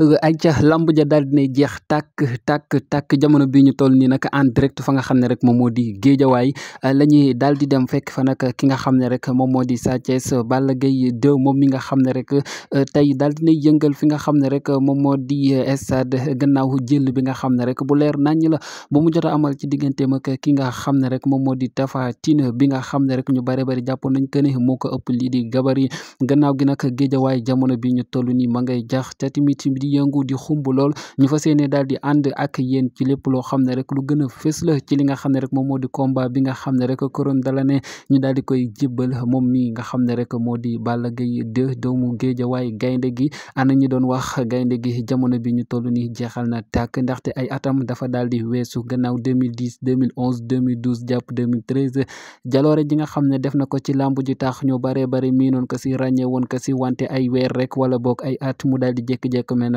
Euh, ay ca lamb ja daal dinay jeex tàkk tàkk tàkk jamono bi ñu toll nii nag en direct fa nga xam ne rek moom moo di géejawaay euh, la ñuy daal di dem fekk fa nag ki nga xam ne rek moom moo di Sa bala Balla Gaye 2 moom mi nga xam ne rek euh, tey daal dinay yëngal fi nga xam ne rek moom moo di sad gannaaw jël bi nga xam ne rek bu leer nañ la bu mu jot amal ci diggante ak ki nga xam ne rek moom moo di Tapha Tine bi nga xam ne rek ñu bare bari jàpp nañ ko ne moo ko ëpp lii di gabar yi gannaaw gi nag géejawaay jamono bi ñu toll ma ngay jax te tamit di yëngu di xumb lool ñu fas yéene daal di ànd ak yéen ci lépp loo xam ne rek lu gën a fës la ci li nga xam ne rek moo di combat bi nga xam ne rek couronne gaynde gi ana ñi doon wax gaynde gi jamono bi ñu toll ni jeexal na tàkk ndaxte ay atam dafa daal di weesu gannaaw 2010 2011 2012 jàpp 2013 jaloore ji nga xam ne def na ko ci làmb ji tax ñu bare bare mii noon ko si ràññee woon ko si wante ay weer rek wala boog ay at mu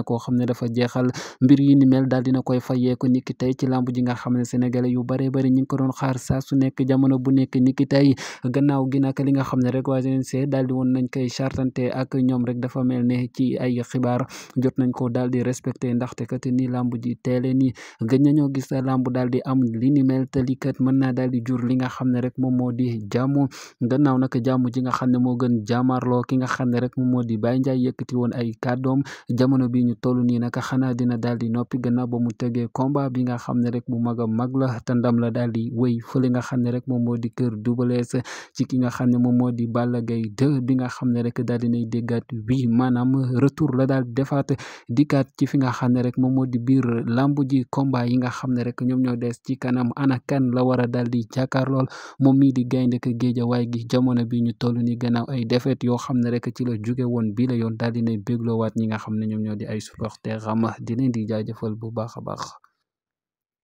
ne koo xam ne dafa jeexal mbir yi mel daal dina koy fayeeku niki tey ci lamb ji nga xam ne sénégalais yu bare bari ñu ngi ko doon xaar saa su nekk jamono bu nekk niki tey gi nag li nga xam ne rek waa CNG daal di woon nañ koy chartante ak mel ne ci ay xibaar jot ko daal di respecté ndaxte kat ni lamb ji teele ni gëj nañoo gis lamb daal di am li ni mel te li kat mën naa daal di jur li nga xam ne rek moom moo di jàmm gannaaw nag jàmm ji nga xam ne moo gën jaamarloo ki nga xam ne rek moom moo di Baye Ndiaye yëkkati woon ay kàddoom jamono bi ñu toll nii nag xanaa dina daal di noppi gannaaw ba mu tegee combat bi nga xam ne rek bu mag a mag la te la daal di wéy fële nga xam ne rek moom moo di kër Double Less ci ki nga xam ne moom moo di Balla Gaye 2 bi nga xam ne rek daal nay déggaat wi maanaam retour la daal defaat dikkaat ci fi nga xam ne rek moom moo di biir lamb ji combat yi nga xam ne rek ñoom ñoo des ci kanam ana kan la war a daal di jàkkaarlool moom mii di gaynde ak waay gi jamono bi ñu toll ni gannaaw ay défaite yoo xam ne rek ci la jóge woon bi la yoon daal dinay bégloowaat xam ne ñoom ñoo supporter am dina di jaajëfal bu baax a baax.